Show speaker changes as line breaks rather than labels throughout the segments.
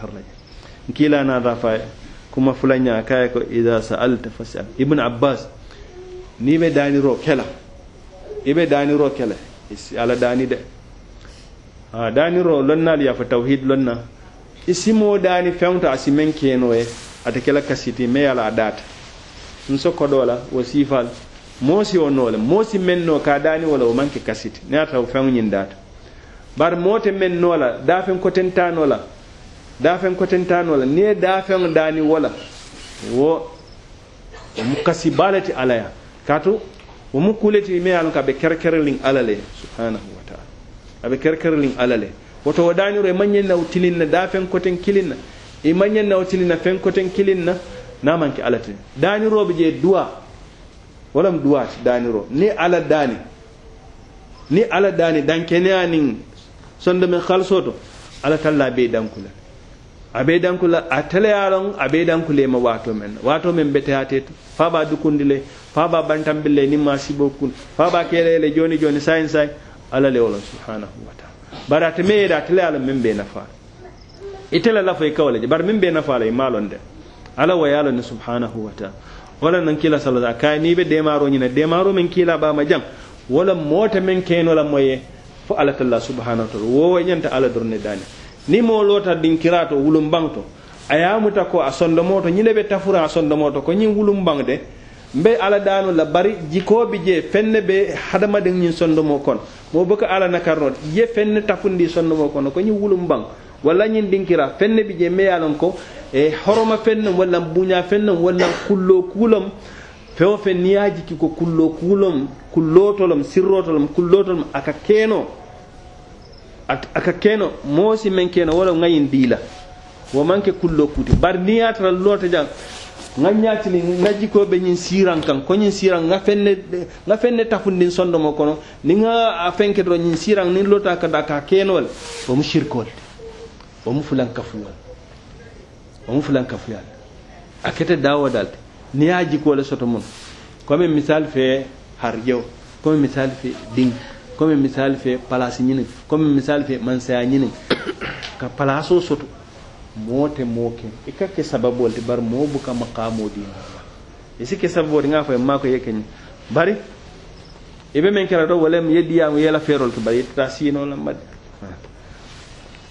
tar la nkila na da kuma fulanya kaya ko idza sa'alta fas'al ibn abbas ni be dani ro kela ibe dani ro kela ala dani de a ah, dani ro lonna ya fa tawhid lonna mo dani fewta asimen keno e ata kela kasiti me ala data nso kodola wasifal moosi o noole moosi men no ka daani wala o manke kasiti ne ata o feŋ ñin daata bari moote men noola tentano la dafen kotentaan wala ne dafen dani wala wo la wo mu kasi baa le ti ya wo mu kuu ti me ye ka be kerkerlin alale subhanahu wa taala a kerkerlin alale alla le woto wo daaniro i maŋ ñeŋ na dafen koteŋ kilin na i e manyen na utilin na fen koteŋ kilin na na manki maŋ dani alla je daaniroo be jee duwa wo lemu duwa dani, daaniroo ala dani daani niŋ alla daani dankeneyaa niŋ sondome halisoo to alla tallaa bee danku dankula, a dankule ma wato men wato men fa faba dukundile faba bille ni masibo kun faba kelele joni joni sayin say ala le wolon subhanahu wa taala bari ate tale teleyalon men be nafa itela lafo e kawleje bari men be nafa la e malon de ala wayalo ni subhanahu wa taala wala nan kila salata kay ni be demaro ñina demaro men kila ma jam wala mota men kenola moye fo ala ta subhanahu wa taala wo ñanta ala durne dani ni mo loota dinkirato wulum bangto ayamuta ko a sondomoto ñine ɓe tafura a sondomoto ko ñin wulum bangde mbe ala daano la bari jikoɓe je fenne ɓe hadamaden ñin sondomo kon mo boko ala nakarno ye fenne tafundi sondomo kono ko ñin wulum bang walla ñin dinkira fenne ɓe je meyalon ko e horoma fennon walla buña fennon walla kullo kuulom fewo fe niyajiki ko kullo kuulom kullotolom sirrotolom kullotolom aka keeno aka keno moosi men keno wala ngayin diila wo manke kullo kuti bar niŋ ye a tara loota jaŋ ŋa ñaatili ŋa jikoo be ñiŋ siiraŋ kaŋ ko ñiŋ siiraŋ ŋa feŋ ne ŋa feŋ ne tafundiŋ sondomo kono niŋ ŋa a fenke doro ñiŋ siiraŋ niŋ loota ka da ka keenoo le wo mu sirikoo le wo mu fulaŋ kafuyoo le mu fulaŋ kafuyaa le a kete daawo daal te niŋ ye a jikoo le soto muŋ komi misali fee harjewo komi misali fee diŋ comme misal fe place ñini comme misal fe man saya ñini ka place soto moote moke ika ke sababu wolte bar mo buka maqamo dina isi ke sababu nga fay mako yeke ni bari ibe men kala do wala mi yediya mu yela ferol to bari ta sino la mad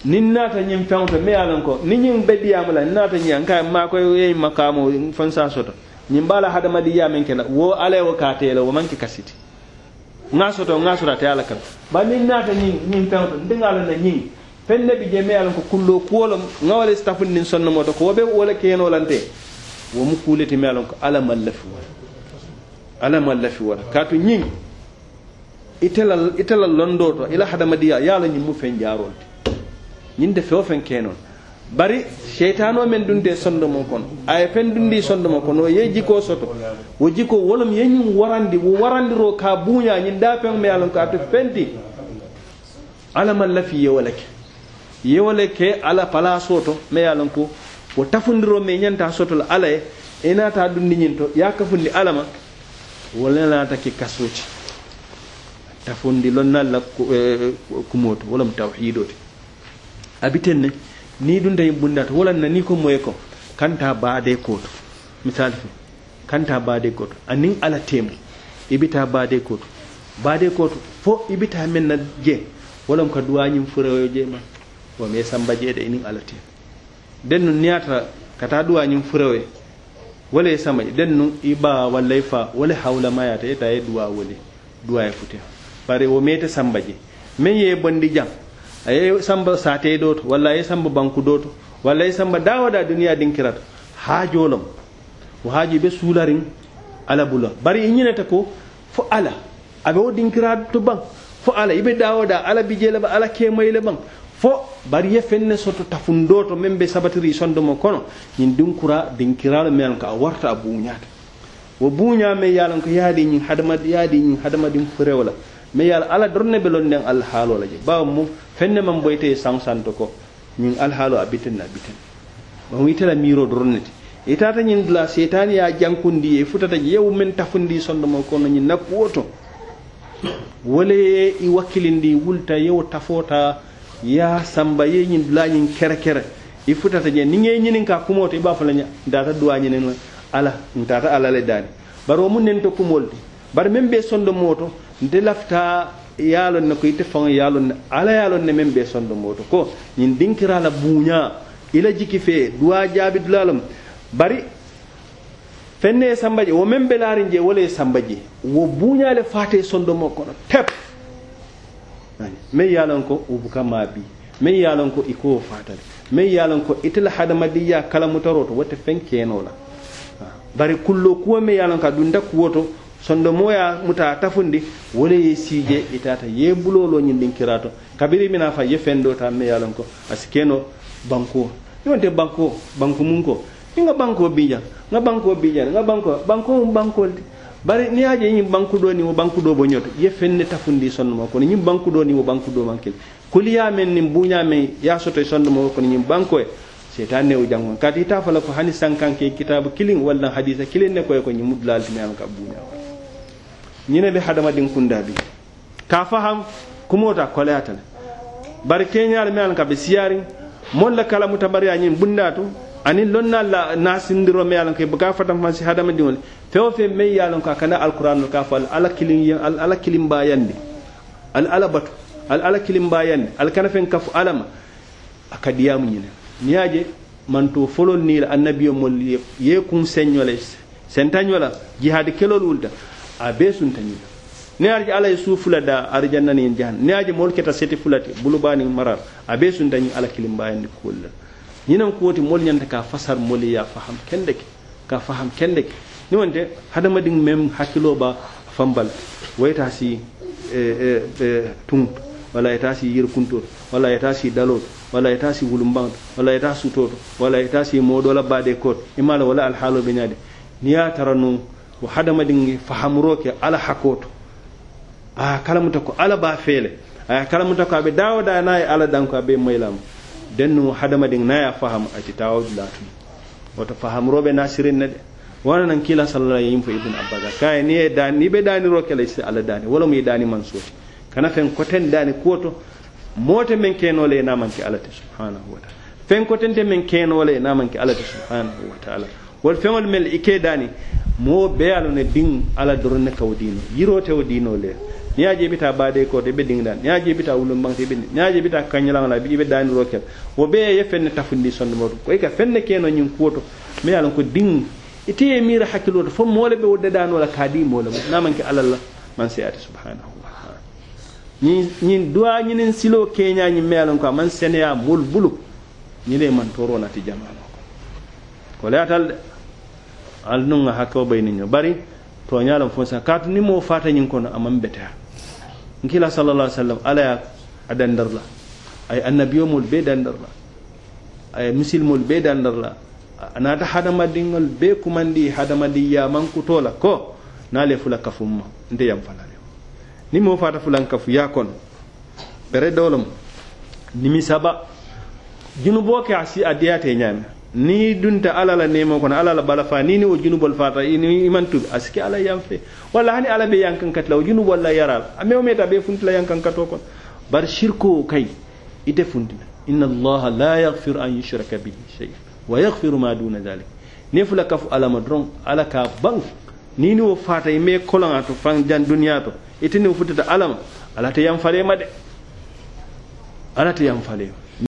nin nata nyim fawto me yalan ko ni nyim bediya mu la nata nyi anka mako yey maqamo fan sa soto nyim bala hada madiya men kala wo ale wo katela wo manki kasiti nga soto nga sura te ala kan ba min nata ñiŋ ñiŋ feŋo to ndiŋa la na ñiŋ fen nabi bi je me ye ko kullo kolam nga wala stafun ni sonno moto ko be wala keno lante wo mu kuuleti me ye ko alla maŋ wa wo la wa ka to wo la itelal londo to ila hadamadiya yala ni mu fen jaaroo ni ti ñiŋ te feŋ wo bari seytano men dunde sondo mon kono aya fen dundi sondo mon kono ye jiko soto wo jiko wolom yeñum warandi wo warandiro ka buuña ñin da fen me alon ko ato fenti ala man lafi yewole ke yewole ala pala soto me alon ko wo tafundiro me ñanta soto la ala e enata dundi ñin to ya kafundi alama wolenata ke kasuti tafundi la lonnalla eh, kumoto wolom tawhidote abiten ne ni dunta yi bundata wolan na ni ko moye ko kanta baade koto misal fe kanta baade koto anin ala temu ibita baade koto baade koto fo ibita men na je wolam ka duwañin furewoyo je ma wo me samba jeeɗe inin ala temu den nun niyata kata duwañin furewoye wala e sama den nun iba walla e fa wala hawla mayata eta e duwa wole duwa e fute bare wo mete samba je men ye bondi jang a yehi samba sate ɗo to walla a yehi samba banque ɗo to walla a yehi samba dawaɗa duniya dinkirata ha jolom o haaji ɓe suularin ala bula bari i e ñinata ko fo ala aɓe o dinkira to ban fo ala iɓe dawaɗa ala bijele ba ala kemayle ban fo bari ye fenne soto tafundo to min ɓe sabatiri sondemo kono ñin dinkura dinkiralo mean ko a warta a buñata wo buñame yalan ko yaadi ñin hadama yaadi ñin hadama ɗin fo rewla mais yal ala dorne be londen alhaalo la je bawa mum fenne man boyte e sansanto ko ñin alhaalo a biten na biten on wiitela miro dorneti itata e ñin dula setani ya jankundi e futata yew men tafundi sondo mo kono ñin nakku o to wole i wakkilindi wulta yew tafota ya samba ye ñin dula ñin kere kere i futata je ni ngey ñinin ka kumoto i bafa laña data duwa ñinen ala ntata ala le dani bari o mun nen to kumol di bari meme be sondo moto de lafta yalon ne ko ite faŋo yaalon ne ala yalon ne meŋ be sondo moto ko nin dinkira la buuña i la jiki fe duwa jabi dula bari fenne sambaji wo meŋ be je wole sambaji wo buuña le sondo mo kono tep meŋ yalon ko ubuka buka maa bi meŋ ko iko ko wo yalon ko ite la hadamadiya kalamutaroo to wo te la ah, bari kullo kuwo me yalon ka dunda ko sondo moya muta tafundi wole ye siije itata ye bulolo ñindin kirato kabiri mina fa ye fendo ta me yalon ko asikeno banko yonte banko banko mun ko nga banko bijan nga banko bijan nga banko banko banko bari ni aje ñi banko do ni mo banko do bo ñoto ye fenne tafundi sondo mo ko ni banko do ni mo banko do mankel kuliya men ni buña men ya soto sondo mo ko ni banko e setan ne ujangon kadi ta fala ko hani sankanke kitabu kilin walla hadisa kilen ne ko e ko ñi mudlal mi am ka buña ñine be hadamadin kunda bi ka faham kumota koleyata le bari keñaale me an ka be siyariŋ moolu la kala bariya ñiŋ bundaatu ani lonna la nasindiro me ye a loŋ ko buka fatan fansi hadamadiŋo le feŋ wo feŋ meŋ ye kana alquran ka fal ala kiliŋ ala ala bayandi al ala batu al ala bayandi al kana feŋ kafu alama akadiyam a ka diyamu ñine niŋ manto folol ni la annabiyo mol ye kuŋ seño le sentaño la wulta a bee suntañiŋ niŋ arje alla ye su fula da arijanna niŋ jahan niŋ aje moolu keta seti fula ti bulubaa marar a bee suntañiŋ alla kilimbaayandi ni la ñinaŋ kuwo ti moolu ñanta ka fasar moolu ya faham kende ke ka faham kende ke niŋ wonte hadamadiŋ mem hakilo ba fambal wo ta si eh, eh, ta si yeta si wala e, e, e, walla yeta si dalot wala ta si wala walla yeta sutoto wala yeta si moodola baade koto ima la wala alhaaloo be ñaadi niŋ ye ko hadamadin ŋe fahamuro ke ala hakoto a kalamuta ko ala ba fele a kalamuta ko be dawoda na ala dan ko aɓe den dennu hadamadin naya faham ati tawawdula tuma woto fahamuro be nasirin de wona nan kila sallallahu yim fo ibne abbas kaye ni e dani ni ɓe daniro kela si ala dani wala mo dani man sooti kana fen koten dani kuwoto mota men le e namanke ala ta subhanahu wa taala fen te men le e namanke ala te subhanahu wa taala wol feŋol mel i ke dani mo beyalone ding ala dorone kaw dino yirote o dino le ni a jeɓita baade ko te ɓe dingdan ni a jeɓita wulum bangte ɓe ni a jeɓita kañalaŋ la ɓeɓe daniro kel wo ɓe ye fenne tafundi sondemo to koy ka fenne keno ñing kuwoto mi yalon ko ding itiye mira hakkilo to foof moole ɓe woddeɗanola ka di moole mum namanke alalla man seyati subhanahu wa taala ñin duwa ñinen silo keñañin mi yalon ko a man seneya mol bulu ñine man toronati jamanoko ko leyatal de al nun ŋa hakkeo bay niŋ bari to loŋ fo sa kat ni mo faata ñiŋ kono amam beta beteya sallallahu alaihi wasallam ala ya adan dandar la ay Mul be dandar la ay be la anata dingal be kumandi hadamadiya ku tola ko naale fula kafumma nde yam le ni mo fata fulan kafu ya kon bere ni nimi saba junubo ke asi adiyate ni dunta ala la nemo kono ala la bala fa nini o junubol fata iman tuɓe a siki ala yanfe walla hani ala be yankankati la o junubol la yaral ame o meta ɓe funtila yankankato kon bar shirko kay ite funtina inna allaha la yahfiru an yushraka bihi shey wa yahfiru ma duna dalik nefula fula kafu alama doron ala ka ban nini wo fata ime kologa to fan jan duniya to iteni o futata alama alata yanfalema de alata yanfalema